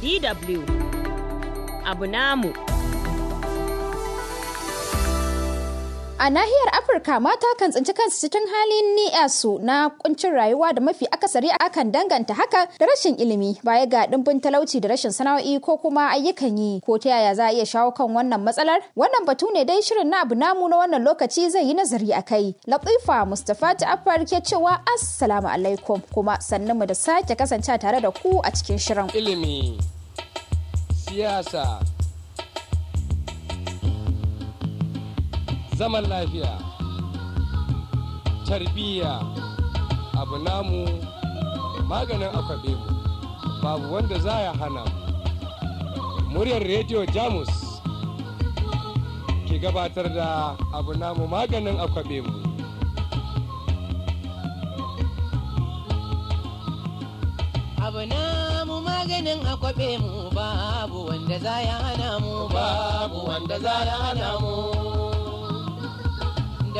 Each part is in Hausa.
DW. Abu namu. A nahiyar Afirka mata kan tsinci kansu cikin halin su na kuncin rayuwa da mafi akasari akan danganta haka da rashin ilimi baya ga dimbin talauci da rashin sana'o'i ko kuma ayyukan yi ko ta yaya za a iya shawo kan wannan matsalar wannan batu ne dai shirin na abu namu na wannan lokaci zai yi nazari a kai. Latifa Mustafa Ja'far ke cewa assalamu alaikum kuma sannan mu da sake kasance tare da ku a cikin shirin. Ilimi siyasa zaman lafiya tarbiyya abu namu maganin akwabe mu babu wanda za ya hana mu muryar rediyo jamus ke gabatar da abu namu maganin akwabe mu abu namu maganin akwabe mu babu wanda za ya hana mu babu wanda za ya hana mu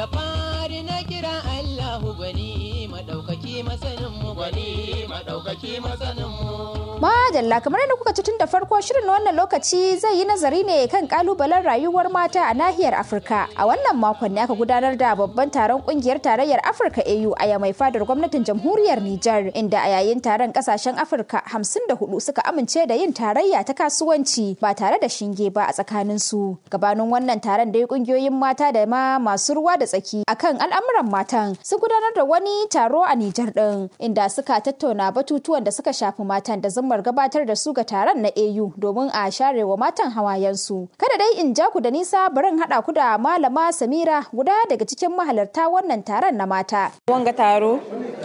da fari na kira Allahu gwani madaukaki masaninmu. mu madaukaki mu madalla kamar yadda kuka ci tun da farko shirin na wannan lokaci zai yi nazari ne kan kalubalen rayuwar mata a nahiyar Afirka. A wannan makon ne aka gudanar da babban taron kungiyar tarayyar Afirka AU a ya mai fadar gwamnatin jamhuriyar Nijar inda a yayin taron kasashen Afirka hamsin da hudu suka amince da yin tarayya ta kasuwanci ba tare da shinge ba a tsakanin su. Gabanin wannan taron dai kungiyoyin mata da ma masu ruwa da tsaki akan al'amuran matan sun gudanar da wani taro a Nijar ɗin inda suka tattauna batutuwan da suka shafi matan da zumar gaba. gabatar da su ga taron na AU domin a share wa matan hawayensu. Kada dai in ja ku da nisa barin haɗa ku da malama Samira guda daga cikin mahalarta wannan taron na mata. Wanga taro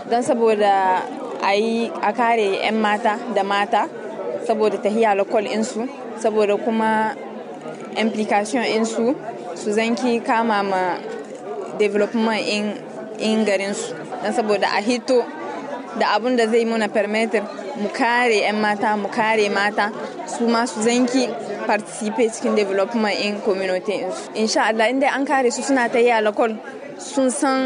don saboda a yi a kare 'yan mata da mata saboda ta tahiya lokal insu saboda kuma implication insu su zanki kama ma development in, in garinsu don saboda a hito da abun da zai muna permitir mu kare 'yan mata mu kare mata su masu zanki participate cikin development in community insha Allah inda an kare su suna ta yi alakol sun san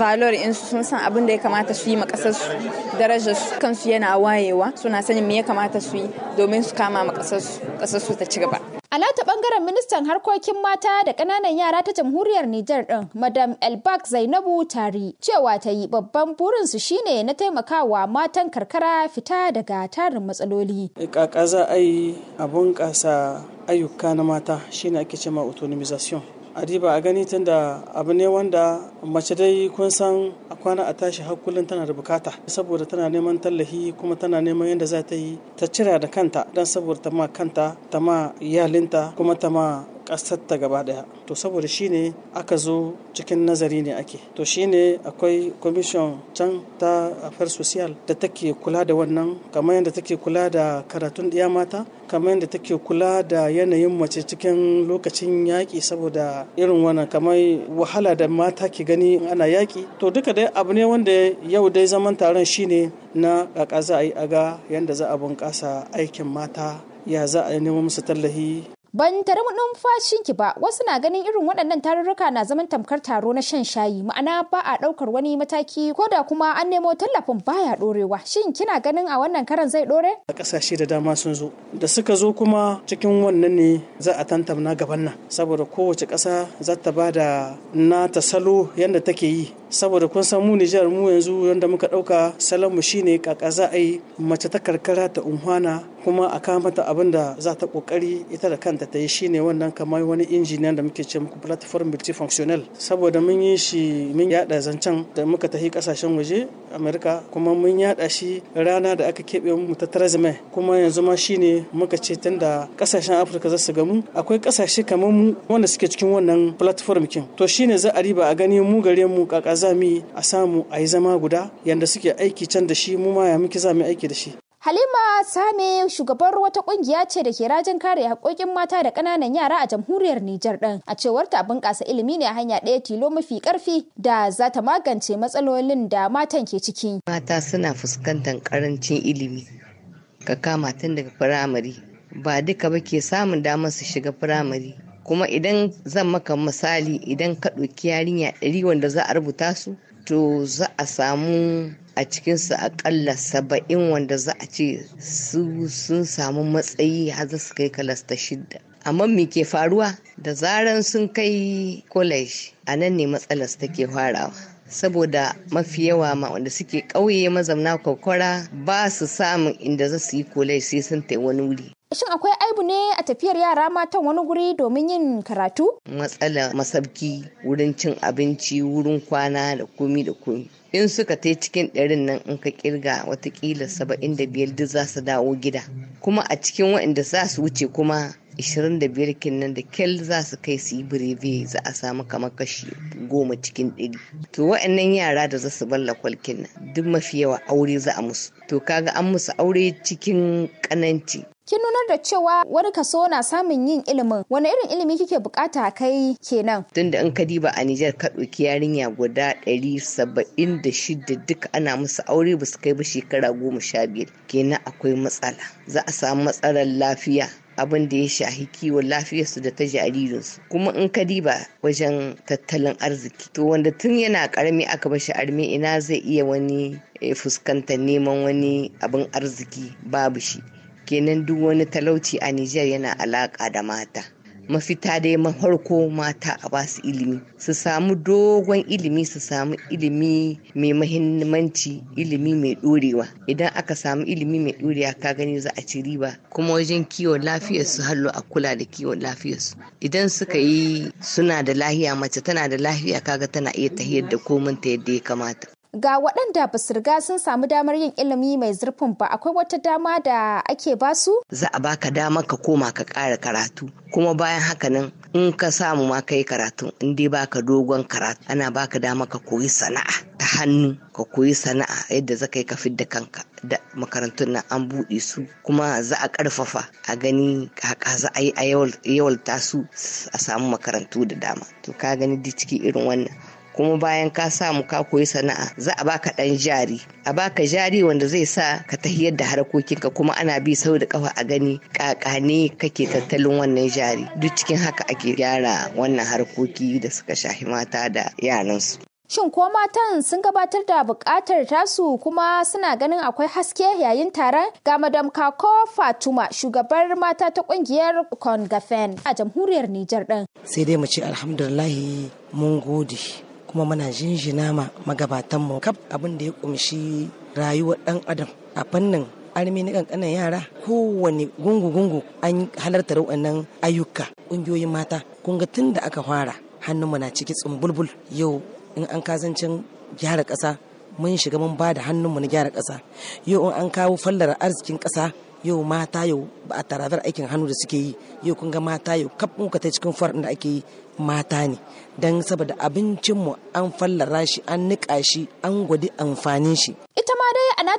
valor insu sun san abin da ya kamata su yi ma kasar su darajar su kansu yana wayewa suna sanin me ya kamata su yi domin su kama ma kasar su ta ci gaba Alata bangaren ministan harkokin mata da ƙananan yara ta jamhuriyar Nijar ɗin, Madam Elbak Zainabu Tari, cewa ta yi babban burin su shine na taimakawa matan karkara fita daga tarin matsaloli. Ƙaƙa eh, za a yi a bunƙasa ayyuka na mata shine ake cema autonomization. adiba a gani tunda abu ne wanda mace dai kun san a kwana a tashi har tana da bukata saboda tana neman tallahi kuma tana neman yadda za ta yi ta cira da kanta don saboda ta ma kanta ta ma iyalinta kuma ta ma ƙasar ta gaba ɗaya to saboda shine aka zo cikin nazari ne ake to shine akwai commission can ta affair social da take kula da wannan kamar yadda take kula da karatun ɗiya mata kamar yadda take kula da yanayin mace cikin lokacin yaƙi saboda irin wannan kamar wahala da mata ke gani ana yaƙi to duka dai abu ne wanda yau dai zaman taron shine na ƙaƙa za a yi aga yadda za a bunƙasa aikin mata ya za a nemo musu tallahi Ban tare numfashinki ba, wasu na ganin irin waɗannan tarurruka na zaman tamkar taro na shan shayi, ma'ana ba a ɗaukar wani mataki ko da kuma an nemo tallafin baya ɗorewa. Shin kina ganin a wannan karan zai ɗore? A ƙasashe da dama sun zo. Da suka zo kuma cikin wannan ne za a tantamna gaban nan, saboda kowace ƙasa za ta ba da na ta salo yadda take yi saboda kun san mu Nijar mu yanzu yanda muka ɗauka salamu shine kaka za a yi mace ta karkara ta umhana kuma a kama mata abin da za ta kokari ita da kanta ta yi shine wannan kamar wani injiniyan da muke ce muku platform multifunctional saboda mun yi shi mun yada zancen da muka tafi kasashen waje Amerika kuma mun yada shi rana da aka keɓe mu ta Trazme kuma yanzu ma shine muka ce tunda kasashen Afirka za su gamu akwai kasashe kamar mu wanda suke cikin wannan platform kin to shine za a riba a gani mu gare mu kaka za mu yi a samu a yi zama guda yadda suke aiki can da shi mu ma ya muke za mu aiki da shi Halima Same shugabar wata kungiya ce da ke rajin kare haƙoƙin mata da ƙananan yara a jamhuriyar Nijar ɗin. A cewar ta bunƙasa ilimi ne a hanya ɗaya tilo mafi ƙarfi da za ta magance matsalolin da matan ke ciki. Mata suna fuskantar ƙarancin ilimi. Ka kama tun daga firamare. Ba duka ba ke samun damar su shiga firamare. kuma idan zan maka misali idan ka ɗauki yarinya ɗari wanda za a rubuta su to za a samu a cikinsu aƙalla saba'in wanda za a ce su sun samu matsayi har za su kai kalasta shidda amma me ke faruwa da zaran sun kai kolej a nan ne matsalas take farawa saboda mafi yawa ma wanda suke ƙauye mazauna kwakwara ba su samun inda za su yi college sai sun wani wuri Shin akwai aibu ne a tafiyar yara matan wani guri domin yin karatu? Matsala masabki wurin cin abinci wurin kwana da komi da komi. In suka tai cikin ɗarin nan in ka kirga watakila saba'in da biyar duk za su dawo gida. Kuma a cikin waɗanda za su wuce kuma da biyar kinnan da kyal za su kai su yi birebe za a samu kamar kashi goma cikin ɗari to wa'annan yara da za su balla kwalkin nan duk mafi yawa aure za a musu to kaga an musu aure cikin ƙananci. Kin nunar da cewa wani kaso na samun yin ilimin wani irin ilimi kike bukata kai kenan. Tun da in ka diba a Nijar ka ɗauki yarinya guda ɗari saba'in da shida duka ana musu aure basu kai ba shekara goma sha biyar kenan akwai matsala. Za a samu matsalar lafiya abin da ya shahi kiwon lafiyarsu da ta jaririnsu kuma in ka diba wajen tattalin arziki to wanda tun yana karami aka bashi armi ina zai iya wani eh, fuskantar neman wani abin arziki babu shi kenan duk wani talauci a Nijar yana alaka da mata. Mafita dai mafarko mata a basu ilimi, su samu dogon ilimi su samu ilimi mai mahimmanci ilimi mai ɗorewa. Idan aka samu ilimi mai ɗorewa ka gani za a ci riba kuma wajen kiwon lafiyarsu hallo a kula da kiwon lafiyarsu. Idan suka yi suna da lahiya mace tana da lahiya kaga tana iya tahiyar da komin ta yadda ya kamata. Ga waɗanda ba su riga sun samu damar yin ilimi mai zurfin ba akwai wata dama da ake ba su? Za a baka dama ka koma ka ƙara karatu. Kuma bayan haka nan in ka samu ma ka yi karatu in dai baka dogon karatu ana baka dama ka koyi sana'a ta hannu ka koyi sana'a yadda za ka yi ka da kanka da makarantun nan an buɗe su kuma za a ƙarfafa a gani za a yi a yawalta su a samu makarantu da dama to ka gani duk cikin irin wannan kuma bayan ka samu ka koyi sana'a za a baka ɗan jari a baka jari wanda zai sa ka tahiyar da harkokinka kuma ana bi sau da kafa a gani kakane kake tattalin wannan jari duk cikin haka ake gyara wannan harkoki da suka shafi mata da yaran su. Shin ko matan sun gabatar da bukatar tasu kuma suna ganin akwai haske yayin taron ga Madam Kako Fatuma shugabar mata ta kungiyar Kongafen a jamhuriyar Nijar din. Sai dai mu ce alhamdulillah mun gode kuma muna jinjina ma magabatan mu kaf abin da ya kumshi rayuwar dan adam a fannin armi na kankanan yara kowane gungu-gungu an halarta wannan ayyuka ƙungiyoyin mata kun ga tun da aka fara hannunmu na ciki tsumbulbul yau in an kazancin gyara ƙasa mun shiga mun ba da hannunmu na gyara ƙasa yau in an kawo fallar arzikin ƙasa yau mata yau ba a taradar aikin hannu da suke yi yau kun ga mata yau kaf muka ta cikin farin da ake yi mata ne don saboda abincinmu an fallara shi an niƙa shi an gwadi amfanin shi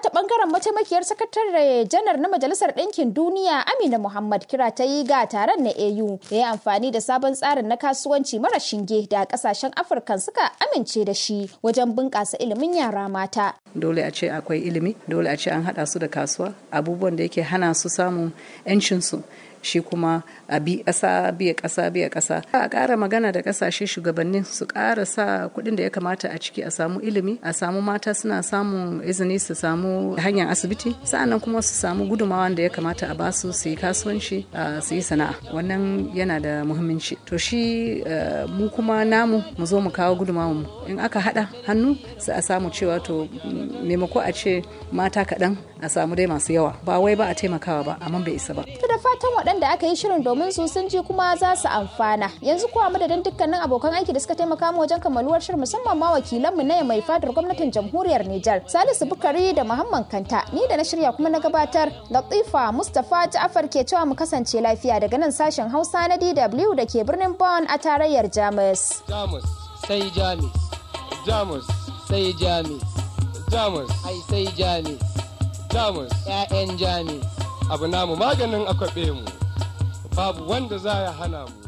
wata bangaren mataimakiyar sakatare janar na Majalisar Ɗinkin Duniya Amina Muhammad kira ta yi ga taron na AU ya yi amfani da sabon tsarin na kasuwanci mara shinge da kasashen Afirka suka amince da shi wajen bunƙasa ilimin yara mata. Dole a ce akwai ilimi, dole a ce an haɗa su da kasuwa, abubuwan da yake hana su samun 'yancinsu. shi kuma a bi ƙasa biya ƙasa biya ƙasa a ƙara magana da ƙasashe shugabannin su ƙara sa kuɗin da ya kamata a ciki a samu ilimi a samu mata suna samun izini su samu hanyar asibiti sa'annan kuma su samu gudumawa da ya kamata a basu su yi kasuwanci su yi sana'a wannan yana da muhimmanci to shi eh, mu kuma namu mu zo mu kawo gudumawa mu in aka haɗa hannu su a samu cewa to mm, maimako a ce mata kaɗan a samu dai masu yawa ba wai ba a taimakawa ba amma bai isa ba. To da fatan waɗanda aka yi shirin domin su sun ji kuma za su amfana. Yanzu kuwa madadin dukkanin abokan aiki da suka taimaka mu wajen kammaluwar shirin musamman ma wakilan mu na mai fadar gwamnatin jamhuriyar Nijar. Salisu Bukari da Muhammad Kanta ni da na shirya kuma na gabatar Latifa Mustapha Ja'far ke cewa mu kasance lafiya daga nan sashen Hausa na DW da ke birnin Bonn a tarayyar Jamus. Jamus sai Jamus. Jamus sai Jamus. Jamus ai sai Jamus. jamus 'ya'yan jami abu namu maganin akwabe mu babu wanda za ya hana mu